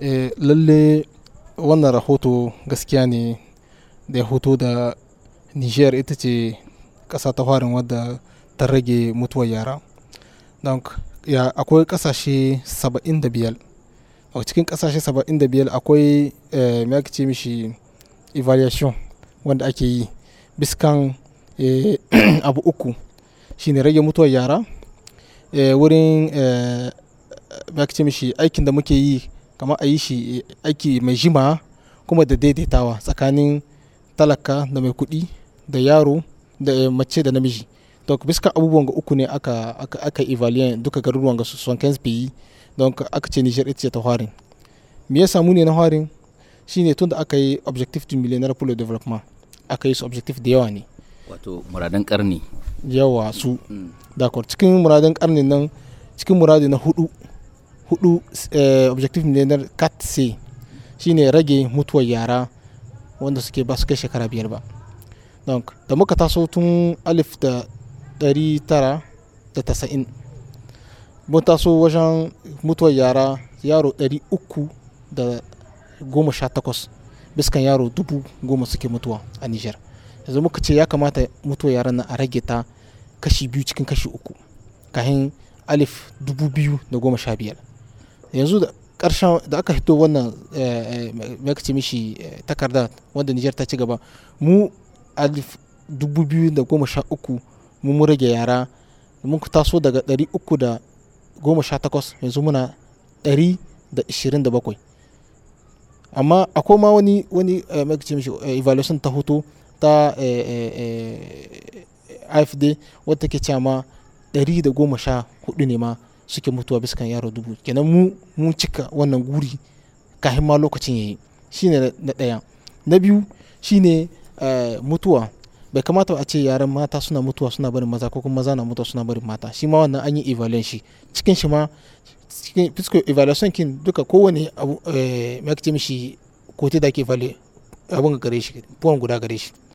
Eh, lalle wannan rahoto gaskiya ne da ya hoto da niger ita ce ƙasa ta farin wadda ta rage mutuwar yara don ya akwai ƙasashe 75 a cikin ƙasashe 75 akwai eh, mai ake ce mishi evaluation wanda ake yi biskan eh, abu uku shine rage mutuwar yara wurin mai ake ce mishi aikin da muke yi kamar a yi shi aiki mai jima kuma da daidaitawa tsakanin talaka da mai kuɗi da yaro da eh, mace da namiji to bisa abubuwan ga uku ne aka aka aka evaluate duka garuruwan ga son kan yi don aka ce Niger ita ta harin me ya samu ne na harin shine tunda aka yi objective du millionaire pour le développement aka yi su objective da yawa ne wato muradan karni yawa su mm. d'accord cikin muradan karni nan cikin muradi na hudu hudu eh, objective ne na 4c shine rage mutuwar yara wanda suke ba su kai shekara biyar ba donc da muka taso tun alif da dari tara da tasa'in mun taso wajen mutuwar yara yaro dari uku da goma sha takwas biskan yaro dubu goma suke mutuwa a niger yanzu muka ce ya kamata mutuwar yara na a rage ta kashi biyu cikin kashi uku kahin alif dubu biyu da goma sha biyar yanzu da karshen da aka hito wannan eh, eh, makaci mishi eh, takarda wanda Nijar ta ci gaba mu alif dubu biyu da goma sha uku mun rage yara mun taso daga ɗari uku da goma sha takwas yanzu muna ɗari da ishirin da bakwai amma akwai ma wani wani makaci mishi evaluation ta hoto ta afd wata ke cewa ma ɗari da goma sha hudu ne ma suke mutuwa bisa kan yaro dubu kenan mu mun cika wannan guri kafin ma lokacin yayi shine na daya na biyu shine eh, mutuwa bai kamata a ce yaran mata suna mutuwa suna barin maza ko kuma maza na mutuwa suna barin mata shi ma wannan an yi evaluation shi cikin shi ma cikin fiscal evaluation kin duka kowane abu eh, mai mishi kote da ke evaluate abun gare shi guda gare shi